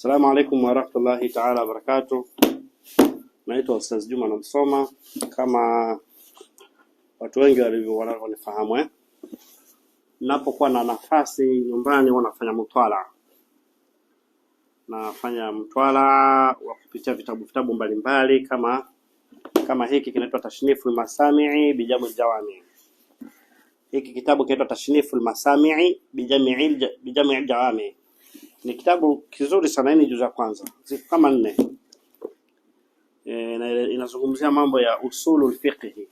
Asalamu alaykum warahmatullahi taala barakatuh. Naitwa Ustaz Juma na msoma kama watu wengi walivyonifahamu eh. Ninapokuwa na nafasi nyumbani huwa nafanya mtwala, nafanya mtwala wa kupitia vitabu vitabu mbalimbali kama kama hiki kinaitwa Tashniful Masami'i bi Jam'il Jawami. Hiki kitabu kinaitwa tashnifu Masami'i bi Jam'il Jawami ni kitabu kizuri sana. Yaani ni juzu ya kwanza, ziko kama nne e, na inazungumzia mambo ya usulul fiqhi.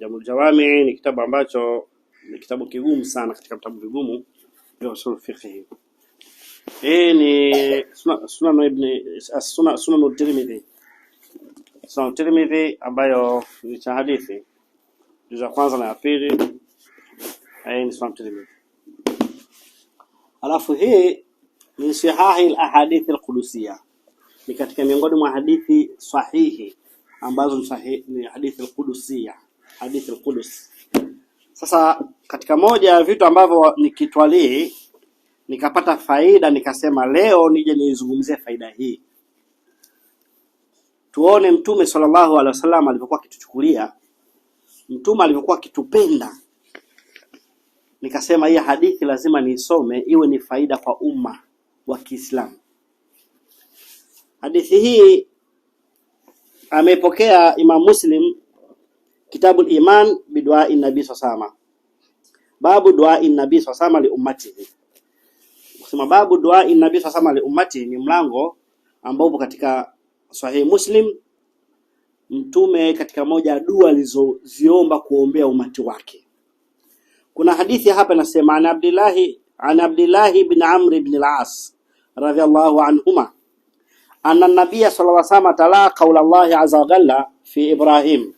Jamul Jawami ni kitabu ambacho ni kitabu kigumu sana, katika vitabu vigumu vya usulul fiqhi. Hii e, ni Sunanu Tirmidhi, Sunanu Tirmidhi ambayo ni cha hadithi, juzu ya kwanza na ya pili. Hii ni Sunanu Tirmidhi. Alafu hii ni sihahi alahadith alqudusiya, ni katika miongoni mwa hadithi sahihi ambazo ni hadithi alqudusiya, hadithi alqudus. Sasa katika moja ya vitu ambavyo nikitwalii nikapata faida nikasema leo nije nizungumzie faida hii, tuone Mtume sallallahu alaihi wasallam alivyokuwa akituchukulia, Mtume alivyokuwa akitupenda nikasema hii hadithi lazima niisome iwe ni faida kwa umma wa Kiislamu. Hadithi hii ameipokea Imam Muslim kitabu al-Iman biduai nabii swasama, babu duai nabii swasama li ummatihi. Kusema babu duai nabii swasama li ummati ni mlango ambao upo katika Sahihi Muslim. Mtume katika moja dua alizoziomba kuombea umati wake kuna hadithi hapa inasema an Abdillahi an Abdillahi ibn Amr ibn al-As radhiyallahu anhuma anna nabiyya sallallahu alayhi wasallam talaa kaula Allahi azza wa jalla fi Ibrahim,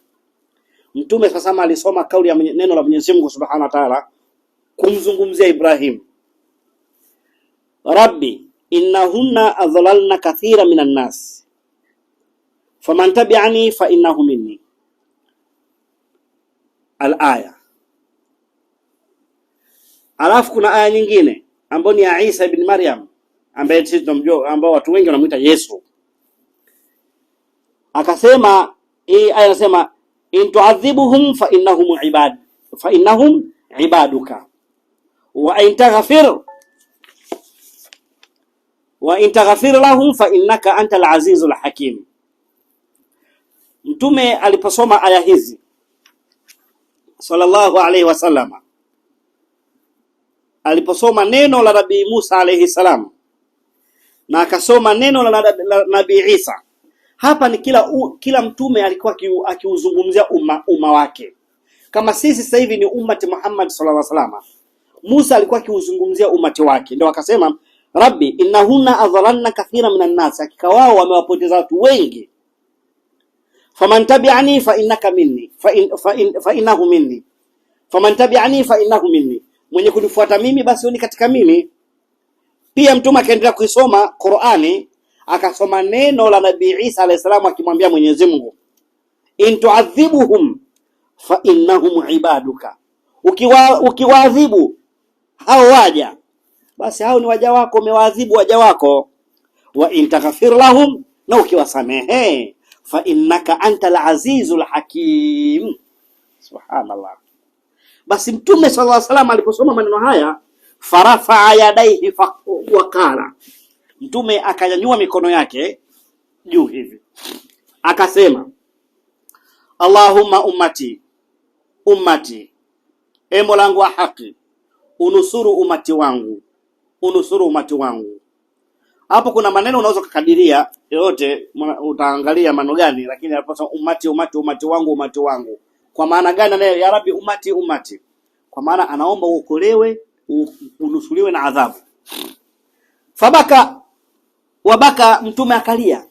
mtume sasama alisoma kauli ya neno la Mwenyezi Mungu subhanahu wa ta'ala kumzungumzia Ibrahim, rabbi innahunna adhalalna kathira minan nas faman tabi'ani fa innahu minni al-aya Alafu kuna aya nyingine ambayo ni ya Isa ibn Maryam ambaye sisi tunamjua, ambao watu wengi wanamuita Yesu. Akasema hii aya inasema, in tuadhibuhum fa innahum ibad fa innahum ibaduka wa in taghfir wa in taghfir lahum fa innaka antal azizul hakim. Mtume aliposoma aya hizi sallallahu alayhi wasallama aliposoma neno la Nabii Musa alayhi salam na akasoma neno la, Nabii Isa. Hapa ni kila, u, kila mtume alikuwa akiuzungumzia umma, umma wake kama sisi sasa hivi ni ummati Muhammad sallallahu alaihi wasallam. Musa alikuwa akiuzungumzia ummati wake, ndio akasema Rabbi innahunna adhalanna kathira minan nas, hakika wao wamewapoteza watu wengi. Faman tabi'ani fa innaka minni fa innahu minni faman tabi'ani fa innahu minni mwenye kunifuata mimi basi ni katika mimi. Pia mtume akaendelea kuisoma Qur'ani, akasoma neno la Nabii Isa alayhi salamu akimwambia Mwenyezi Mungu, in tuadhibuhum fa innahum ibaduka, ukiwa ukiwaadhibu hao waja basi hao ni waja wako, umewaadhibu waja wako. Wa in taghfir lahum, na ukiwasamehe, fa innaka anta azizul hakim. Subhanallah. Basi Mtume sallallahu alaihi wasallam aliposoma maneno haya, farafaa yadaihi wakala, Mtume akanyanyua mikono yake juu hivi akasema, Allahumma ummati ummati, e langu wa haki, unusuru umati wangu, unusuru umati wangu. Hapo kuna maneno unaweza kukadiria yoyote, utaangalia maneno gani, lakini aliposema umati, umati, umati wangu, umati wangu kwa maana gani anaye ya Rabbi umati umati? Kwa maana anaomba uokolewe, unusuliwe na adhabu. Fabaka wabaka, mtume akalia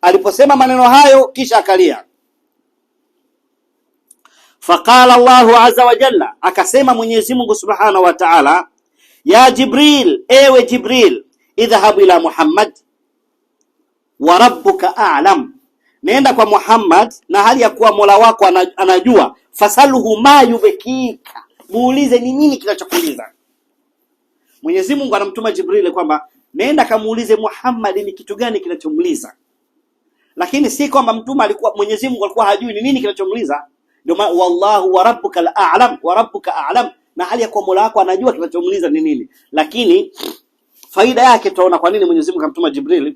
aliposema maneno hayo, kisha akalia. Faqala Allahu azza wa jalla, akasema Mwenyezi Mungu subhanahu wa ta'ala, ya Jibril, ewe Jibril, idhhabu ila Muhammad wa rabbuka a'lam nenda kwa Muhammad na hali ya kuwa Mola wako anajua, fasaluhu ma yubekika, muulize ni nini kinachokuuliza. Mwenyezi Mungu anamtuma Jibril kwamba nenda kamuulize Muhammad ni kitu gani kinachomuliza, lakini si kwamba mtuma alikuwa, Mwenyezi Mungu alikuwa hajui ni nini kinachomuliza. Ndio maana wallahu wa rabbuka al-a'lam wa rabbuka a'lam, na hali ya kuwa Mola wako anajua kinachomuliza ni nini. Lakini faida yake tunaona kwa nini Mwenyezi Mungu akamtuma Jibril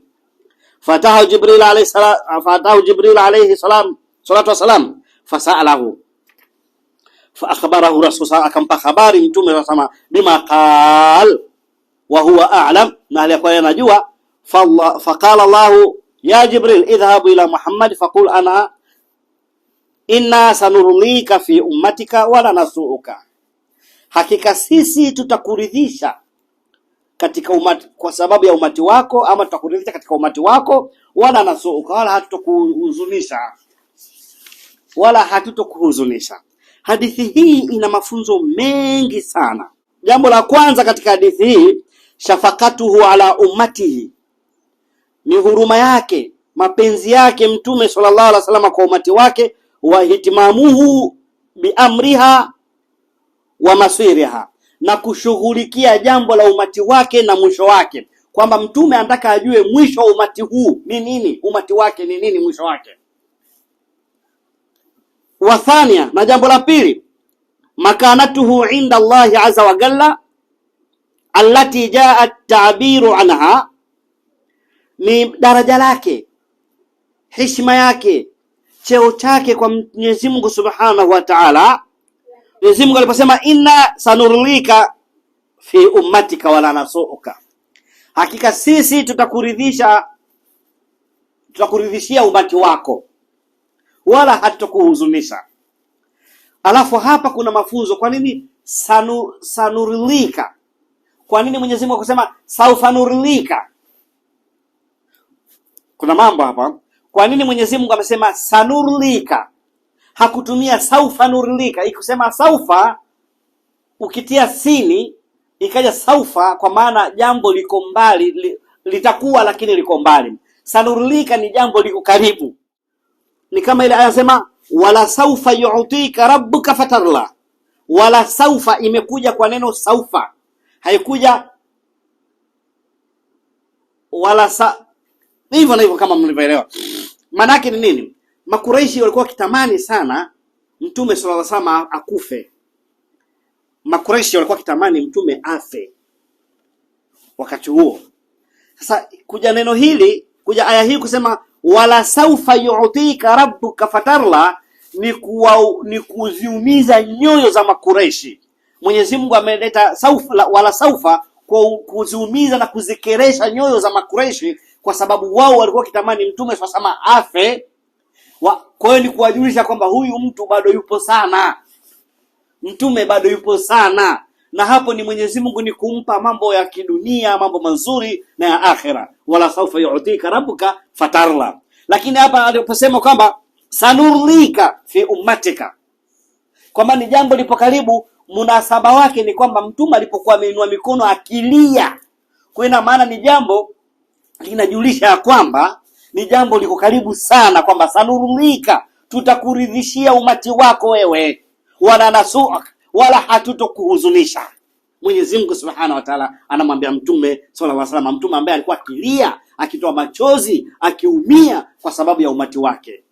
Fatahu Jibril alaihi salam fatahu Jibril alaihi salam salatu wasalam fasa'alahu fa akhbarahu Rasul khabari mtume anasema bima qal wa huwa a'lam na alikuwa anajua faqala Allah ya Jibril idhhab ila Muhammad faqul ana inna sanurlika fi ummatika wala nasuuka hakika sisi tutakuridhisha katika umati, kwa sababu ya umati wako, ama tutakuridhisha katika umati wako, wala nasuuka, wala hatutokuhuzunisha, wala hatutokuhuzunisha. Hadithi hii ina mafunzo mengi sana. Jambo la kwanza katika hadithi hii, shafakatuhu ala ummatihi, ni huruma yake, mapenzi yake Mtume sallallahu alaihi wasallam kwa umati wake, wa hitimamuhu biamriha wa masiriha na kushughulikia jambo la umati wake na mwisho wake, kwamba mtume anataka ajue mwisho wa umati huu ni nini, umati wake ni nini, mwisho wake. Wathania, na jambo la pili, makanatuhu inda Allahi azza wa jalla allati jaa tabiru anha, ni daraja lake, heshima yake, cheo chake kwa Mwenyezi Mungu subhanahu wa ta'ala Mwenyezi Mungu aliposema inna sanurlika fi ummatika wala nasuuka, hakika sisi tutakuridhisha, tutakuridhishia umati wako wala hatutakuhuzunisha. Alafu hapa kuna mafunzo. Kwa nini sanu, sanurlika? Kwa nini Mwenyezi Mungu akasema saufanurlika? Kuna mambo hapa. Kwa nini Mwenyezi Mungu amesema sanurlika? hakutumia saufa nurlika. Ikusema saufa, ukitia sini ikaja saufa, kwa maana jambo liko mbali li, litakuwa lakini liko mbali. Sanurlika ni jambo liko karibu, ni kama ile anasema wala saufa yutika rabbuka fatarla. Wala saufa imekuja kwa neno saufa, haikuja wala sa hivyo na hivyo, kama mlivyoelewa yake ni nini? Makuraishi walikuwa wakitamani sana mtume sallallahu alaihi wasallam akufe. Makuraishi walikuwa wakitamani mtume afe wakati huo. Sasa kuja neno hili, kuja aya hii kusema wala saufa yu'tika rabbuka fatarla ni, kuwa, ni kuziumiza nyoyo za Makuraishi. Mwenyezi Mungu ameleta saufa, wala saufa kwa kuziumiza na kuzikeresha nyoyo za Makuraishi kwa sababu wao walikuwa wakitamani mtume sallallahu alaihi wasallam afe kwa hiyo ni kuwajulisha kwamba huyu mtu bado yupo sana, mtume bado yupo sana, na hapo ni Mwenyezi Mungu ni kumpa mambo ya kidunia, mambo mazuri na ya akhera, wala saufa yutika rabbuka fatarla. Lakini hapa aliposema kwamba sanurlika fi ummatika, kwamba ni jambo lipo karibu, munasaba wake ni kwamba mtume alipokuwa ameinua mikono akilia, kwa ina maana ni jambo linajulisha ya kwamba ni jambo liko karibu sana, kwamba sanurumika tutakuridhishia umati wako wewe, wala nasu wala hatutokuhuzunisha. Mwenyezi Mungu Subhanahu wa Ta'ala anamwambia Mtume sallallahu alaihi wasallam, mtume ambaye alikuwa akilia akitoa machozi akiumia kwa sababu ya umati wake.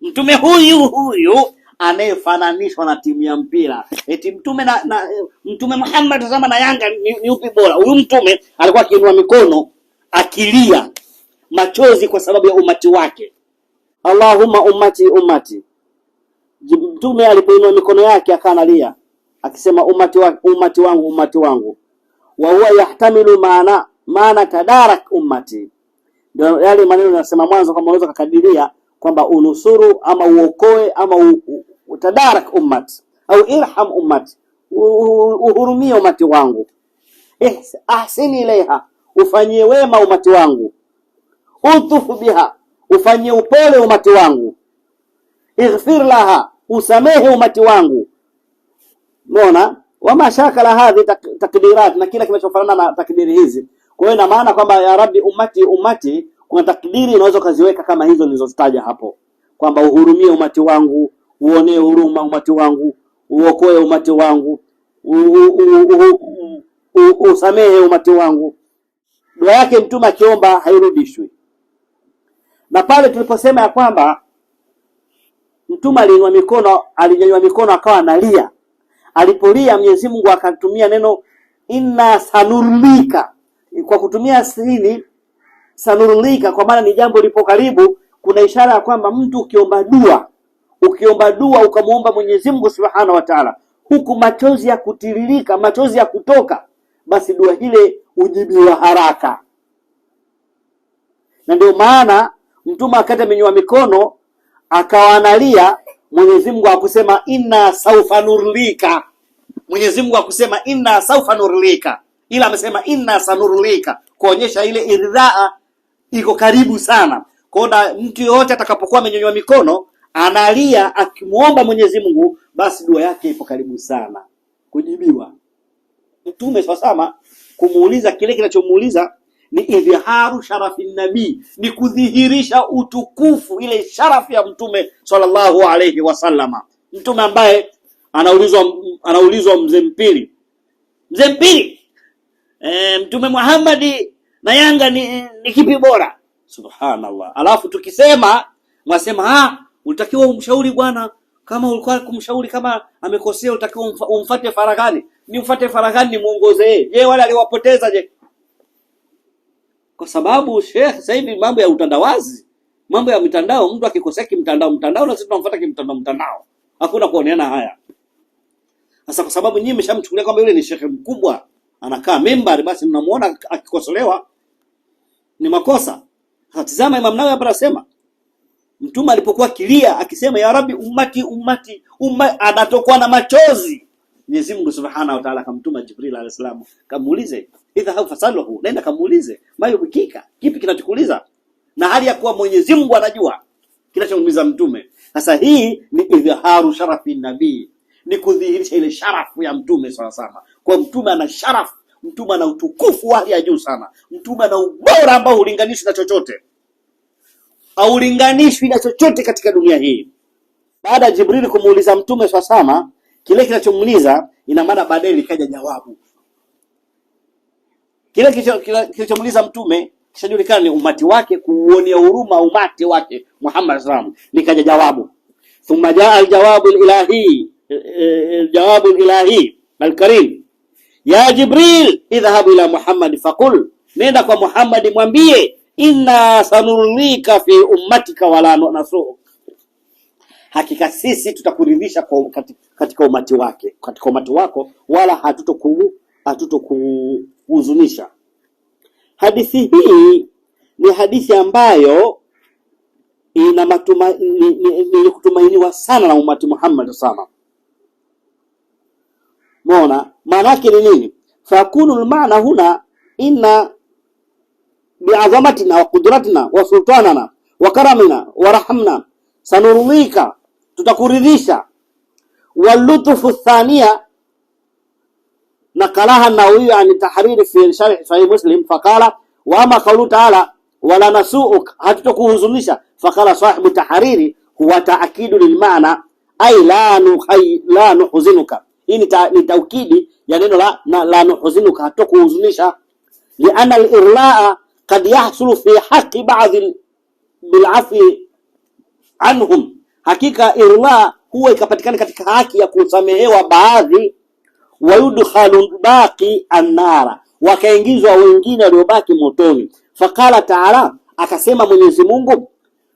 Mtume huyu huyu anayefananishwa na timu ya mpira eti mtume na, na mtume Muhammad tazama na Yanga ni, ni upi bora? Huyu mtume alikuwa akiinua mikono akilia machozi kwa sababu ya umati wake. Allahumma ummati ummati. Mtume alipoinua mikono yake akaanalia akisema umati wa, umati wangu ummati wangu, wa huwa yahtamilu maana maana tadarak ummati, ndio yale maneno yanasema mwanzo kama unaweza kukadiria kwamba unusuru ama uokoe ama utadarak ummati au irham ummati, uhurumie ummati wangu, eh, ahsini ilaiha, ufanyie wema ummati wangu udhufu biha, ufanyie upole umati wangu. Ighfir laha, usamehe umati wangu. Umeona, la hadhi takdirat, na kila kinachofanana na takdiri hizi. Kwa hiyo ina maana kwamba ya rabbi umati umati, kuna takdiri unaweza ukaziweka kama hizo nilizozitaja hapo, kwamba uhurumie umati wangu, uonee huruma umati wangu, uokoe umati wangu, usamehe umati wangu. Dua yake mtume akiomba hairudishwi na pale tuliposema ya kwamba mtume aliinua mikono, alinyanyua mikono akawa analia. Alipolia Mwenyezi Mungu akatumia neno inna sanurlika kwa kutumia sini sanurlika, kwa maana ni jambo lipo karibu. Kuna ishara ya kwamba mtu ukiomba dua, ukiomba dua ukamwomba Mwenyezi Mungu Subhanahu wa Ta'ala, huku machozi ya kutiririka, machozi ya kutoka, basi dua ile ujibiwa haraka, na ndio maana Mtume akati amenyoa mikono akawaanalia, Mwenyezi Mungu akusema inna saufa nurlika, Mwenyezi Mungu akusema inna saufa nurlika, ila amesema inna sanurlika, kuonyesha ile iridhaa iko karibu sana. Kwaona mtu yoyote atakapokuwa amenyonyoa mikono analia akimwomba Mwenyezi Mungu, basi dua yake ipo karibu sana kujibiwa. Mtume swasama kumuuliza kile kinachomuuliza ni idhiharu sharafi nabii, ni kudhihirisha utukufu, ile sharafu ya mtume sallallahu alayhi wasallama, mtume ambaye anaulizwa anaulizwa mzee Mpili, mzee Mpili, e, mtume Muhammad na Yanga ni, ni kipi bora? Subhanallah. Alafu tukisema mwasema ha, ah, ulitakiwa umshauri bwana kama ulikuwa kumshauri kama amekosea, ulitakiwa umfate faraghani. Ni mfate faraghani, ni muongozee. Je, wale aliwapoteza je? kwa sababu shekhe, sasa hivi mambo ya utandawazi, mambo ya mitandao, mtu akikosea kimtandao mtandao, na sisi tunamfuata kimtandao mtandao, hakuna kuoneana haya. Sasa kwa sababu nyinyi mmeshamchukulia kwamba yule ni shekhe mkubwa anakaa membari, basi mnamuona akikosolewa ni makosa. Sasa Imam Nawawi hapa anasema, mtume alipokuwa kilia akisema ya Rabbi, ummati ummati umma, anatokwa na machozi Mwenyezi Mungu Subhanahu wa Ta'ala akamtuma Jibril alayhi salam, kamuulize idhahab fasalahu, nenda kamuulize mayo mayubikika, kipi kinachokuuliza, na hali ya kuwa Mwenyezi Mungu anajua kinachomuuliza mtume. Sasa hii ni idhaharu sharafi nabii, ni kudhihirisha ile sharafu ya mtume sana sana, kwa mtume ana sharafu, mtume ana utukufu wa hali ya juu sana, mtume ana ubora ambao hulinganishwi na chochote, haulinganishwi na chochote katika dunia hii. Baada ya Jibril kumuuliza mtume swasama kile kinachomuuliza, ina maana baadaye likaja jawabu. Kile kilichomuuliza mtume kishajulikana ni umati wake, kuuonea huruma umati wake Muhammad wasallam, likaja jawabu. Thumma jaa aljawabu ilahi aljawabu eh, eh, ilahi alkarim, ya Jibril idhhab ila Muhammad faqul, nenda kwa Muhammad mwambie, inna sanurika fi ummatika wala nasuhu hakika sisi tutakuridhisha kwa katika umati wake, katika umati wako, wala hatutokuhuzunisha. hadithi hii ni hadithi ambayo ina matumaini kutumainiwa sana na umati Muhammad sana. mona maana yake ni nini? fakunu lmana huna inna biadhamatina wa kudratina wa sultanana wa karamina wa rahamna sanurudhika tutakuridhisha. walutufu thania nakalaha Nawawi an tahriri fi sharh sahih Muslim faqala wa ama qawlu ta'ala wala nasuuk, hatutakuhuzunisha. Faqala sahibu tahriri huwa taakidu lilmaana ay la la nuhuzinuka. Hii ni taukidi ya neno la, la, la nuhuzinuka, hatukuhuzunisha. Lianna alirlaa qad yahsulu fi haqqi ba'dhi bil'afi anhum Hakika irla huwa ikapatikana katika haki ya kusamehewa baadhi, wayudkhalu baqi annara, wakaingizwa wengine waliobaki motoni. Faqala taala, akasema Mwenyezi Mungu,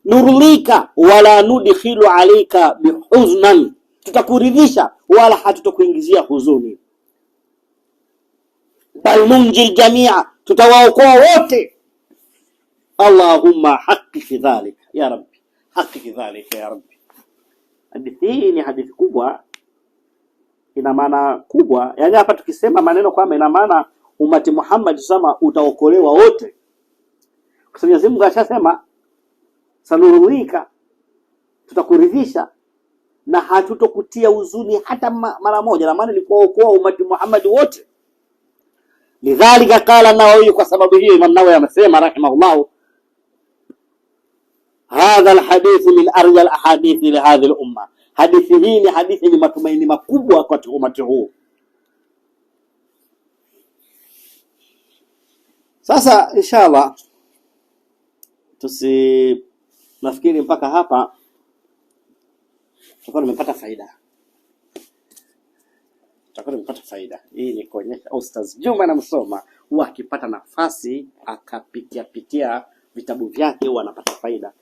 nurlika wala nudkhilu alaika bihuznan, tutakuridhisha wala hatutakuingizia huzuni. Bal nunji ljamia, tutawaokoa wote. Allahumma haqqi fi dhalik ya rabbi, haqqi fi dhalik ya rabbi hii ni hadithi kubwa, ina maana kubwa. Yaani hapa tukisema maneno kwamba ina maana umati Muhammad sama utaokolewa wote, kwa sababu Mwenyezi Mungu ashasema sanuruika tutakuridhisha na hatutokutia huzuni hata mara moja, na maana ni kuokoa umati Muhammad wote. Lidhalika qala Nawawi, kwa sababu hiyo Imam Nawawi amesema rahimahullah hadha alhadith min arja alahadith lihadhi lumma, Hadithi hii ni hadithi yenye matumaini makubwa kwa umati huu. Sasa inshallah, tusi nafikiri mpaka hapa tutakuwa tumepata faida, tutakuwa tumepata faida. Hii ni kuonyesha Ustaz Juma na Msoma huwa akipata nafasi akapitia pitia vitabu vyake huwa anapata faida.